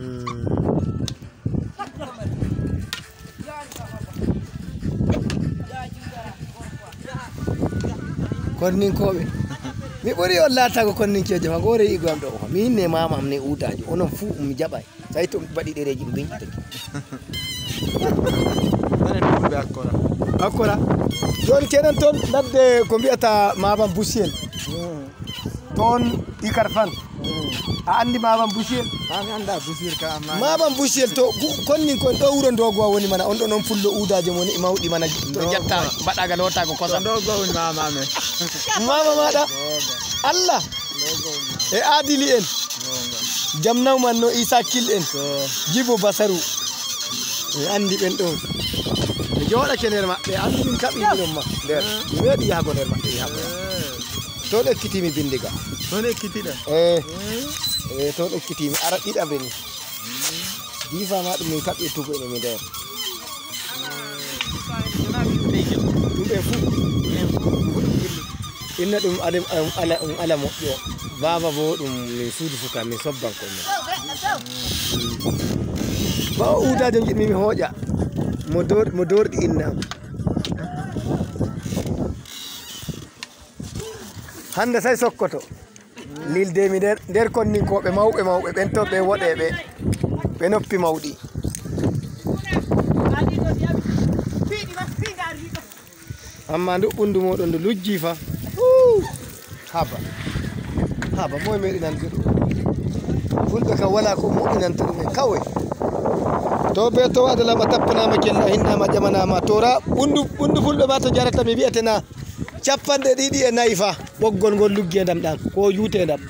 Hmm. konnin koɓe mi ɓuri on latago konninkejo ma gore igam ɗo mi hinne mama am ne utajo onon fou mi jaɓay sayi to mi baɗi ɗereji mi beñƴitake akkora akkora joni kenen toon nadde ko mbiyata maban busiyel Hmm. toon ikar fan hmm. a anndi mamam busiel ami annda busiel ka amma mamam busiel to konnin kon ɗo wuro ndogowa woni mana on ɗo noon fullo uudaji mone mawɗi mana to ƴetta mbaɗaga lotago kosa ndogo woni mamame mama maɗa allah e adili en jamnaw man no isa kil en jibo basaru mi e anndi ɓen ɗon mi e jooɗake nder maɓɓe anndi min kaɓiɗinon ma nder mi weeɗi yahgo nder maɓɓe yahgo to ɗokkitimi bindiga to ɗokkitiɗa eh, hmm. eh, to ɗokkitimi ara ɗiɗaɓe ni hmm. di ma ɗum min kaɓɓe tubo ene mi nder ɗumɓe fuu inna ɗum ala ɗum ala moƴƴo baba bo ɗum kam sobban hmm. bawa uudajom jiɗmi mi hooƴa mo dorɗi inna hande say sokkkoto lildemi nder nder konninkoɓe mawɓe mawɓe ɓen to ɓe woɗeɓe ɓe noppi mawɗi amma ndu ɓundu moɗon ndu lujji fa haba haba moye meɗinande ɗum fulɓe kam wala ko moɗinanta ɗumen kawe to be to adalama tappanama kella hinnama ƴamanama tora ɓundu ɓundu fulɓe ma to jarata mi wi'etena capanɗe ɗiɗi e nayi fa ɓoggol ngol luggie ndam ɗam ko yute e ndam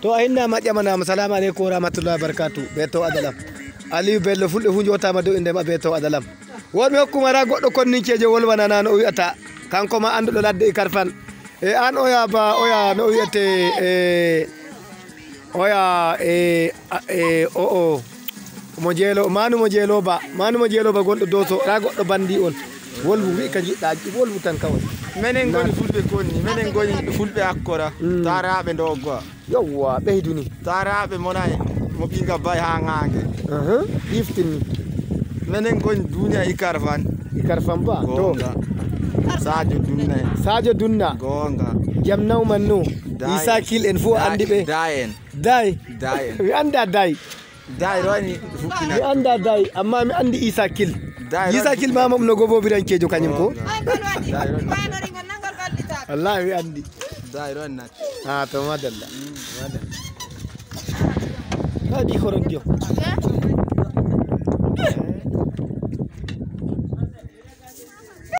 to a hinnama ƴamanama salamu aleykum wa rahmatullahi wabarkatu ɓe to adalam aliou bello fulɓe fu jotama dow e ndema ɓe to adalam wonmi hokkumara goɗɗo konninkiejo wolwanana no o wiyata kanko ma anduɗo ladde e karfan e an oya ba oya no o wiyate e oya e e o o mo jeelo manumo jeelo ba manumo jeelo ba gonɗo dowto ra goɗɗo bandi on wolwu wi ka jiɗɗa wolwu tan kawa menen goni fulɓe konni minen goni fulɓe akkora mm. taraɓe doggoa yowwa ɓeyduni taraɓe mona mo ɓinga bay ha gangue iftinni minen goni duniya ikar fan ikar fan ba to sadio dunna en sadio dunna gonga jam nawman no isa kil en fo andi ɓe da en day day mi anda day day rowani fukkina mi anda day amma mi andi isa kil isa kil mamam no gobobirankejo kañum ko wallahi an di da iron na ha ah, to madalla madalla ba di horon dio